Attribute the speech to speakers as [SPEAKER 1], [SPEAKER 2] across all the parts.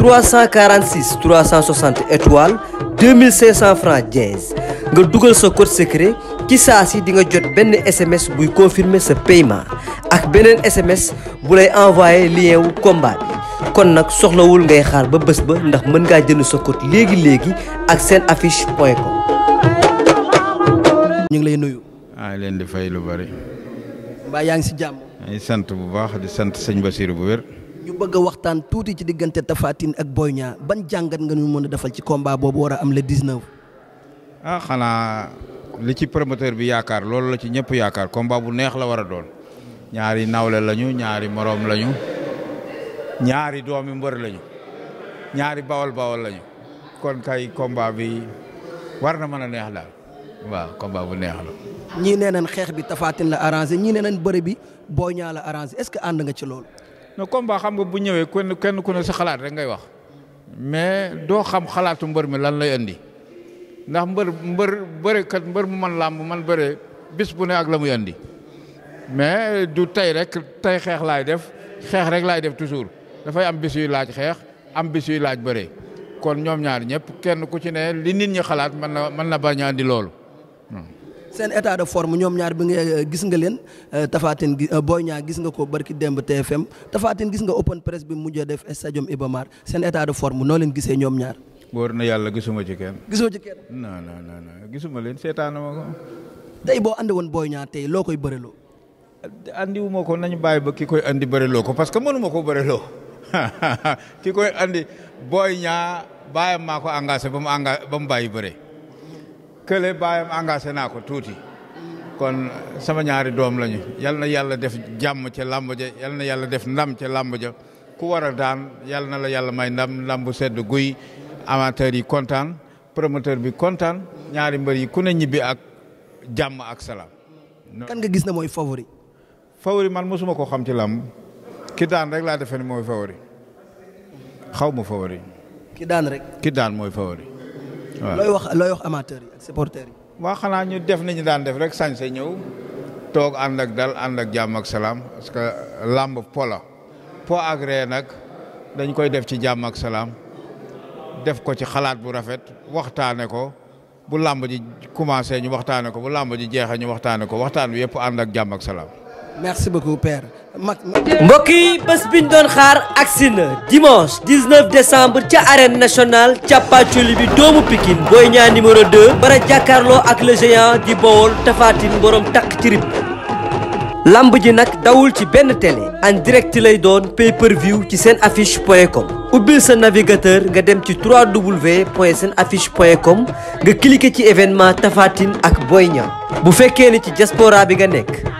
[SPEAKER 1] 346 360 étoiles 2500 francs dièse nga dugal sa code secret ci saa si di nga jot benn SMS buy confirmer sa paiement ak beneen SMS bu lay envoyé lien wu kon nag soxlawul ngay xaar ba bés ba ndax mën ngaa jënd sa code léegi léegi ak seen affiche point com. ñu ngi lay nuyu.
[SPEAKER 2] leen di lu bari.
[SPEAKER 3] mbaa yaa ngi si jàmm.
[SPEAKER 2] sant bu baax di sant sëñ basir bu wér.
[SPEAKER 3] ñu bëgg a waxtaan tuuti ci diggante Tapha Tine ak booy Niang ban jàngat nga ñu mën a defal ci combat boobu war a am le 19.
[SPEAKER 2] ah xanaa li ci promoteur bi yaakaar loolu la ci ñëpp yaakaar combat bu neex la war a doon ñaari nawle lañu ñaari moroom lañu ñaari doomi mbër lañu ñaari bawol bawol lañu kon kay combat bi war na mën a neex daal waaw combat bu neex la. ñii nee nañ xeex bi Tapha Tine la arrangé ñii nee nañ bëre bi Boy Niang la arrangé es ce que ànd nga ci loolu. mais combat xam nga bu ñëwee kenn kenn ku ne si xalaat rek ngay wax mais doo xam xalaatu mbër mi lan lay andi ndax mbër mbër bërekat mbër mu man làmb man bëree bis bu ne ak la muy andi mais du tey rek tey xeex laay def xeex rek laay def toujours dafay am bis yuy laaj xeex am bis yuy laaj bëree kon ñoom ñaar ñëpp kenn ku ci ne li nit ñi xalaat mën na mën na bañ a andi loolu.
[SPEAKER 3] Hmm. seen état de forme ñoom ñaar bi nga euh, gis nga leen euh, Tafatine gi euh, Boy gis nga ko barki démb TFM Tafatine gis nga open press bi mujj def stadium Iba Mar seen état de forme noo leen gisee ñoom ñaar.
[SPEAKER 2] wóor na yàlla gisuma ci kenn. gisuma ci kenn. non non gisuma leen seetaanuma ko. tey boo andi woon booy ñaar tey loo koy bëriloo. andiwuma ko nañu bàyyi ba ki koy andi bëriloo ko parce que mënuma ko bëriloo ki koy andi booy Niang bàyyi maa ko engagé ba mu engagé ba mu bàyyi bëre. kële baayam engagé naa ko tuuti kon sama ñaari doom lañu yal na yàlla def jàmm ca làmb ja yal na yàlla def ndam ca làmb ja ku war a daan yal na la yàlla may ndam ndam bu sedd guy amateur yi kontaan promoteur bi kontaan ñaari mbër yi ku ne ñibbi ak jàmm ak salaam. kan nga gis na mooy favori. favori man mosuma ko xam ci làmb ki daan rek laa defee ni mooy favori xaw ma favori. ki daan rek. looy wax looy wax amateurs yi ak supporters yi. waaw xanaa ñu def nañu daan def rek sañ sa ñëw toog ànd ak dal ànd ak jàmm ak salaam parce que làmb pola la po ak nag dañ koy def ci jàmm ak salaam def ko ci xalaat bu rafet waxtaane ko bu làmb ji commencé ñu waxtaane ko bu làmb ji jeexee ñu waxtaane ko waxtaan bi yëpp ànd ak jàmm ak salaam.
[SPEAKER 3] merci beaucoup père.
[SPEAKER 1] mbokk yi bés biñ doon xaar agsi na dimanche 19 décembre ca arène nationale ca pàcculi bi doomu pikin Boy Niang bara jàkkaarloo ak le géant di Bawol Tapha Tine takk ci lamb ji nag dawul ci benn télé en direct lay doon pay per view ci seen affiche point com ubbil sa navigateur nga dem ci 3w point seen affiche point com nga cliqué ci événement Tapha ak Boy Niang bu fekkee ni ci diaspora bi nga nekk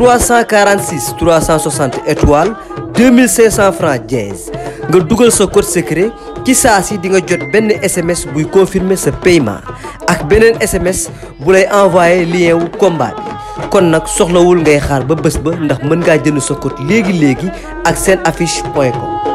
[SPEAKER 1] 346 360 étoiles 2500 francs dièse nga dugal sa code secret ci saa si di nga jot benn SMS buy confirmé sa payman ak beneen SMS bu lay envoyé lien wu combat bi kon nag soxlawul ngay xaar ba bés ba ndax mën ngaa jënd sa code léegi léegi ak seen affiche point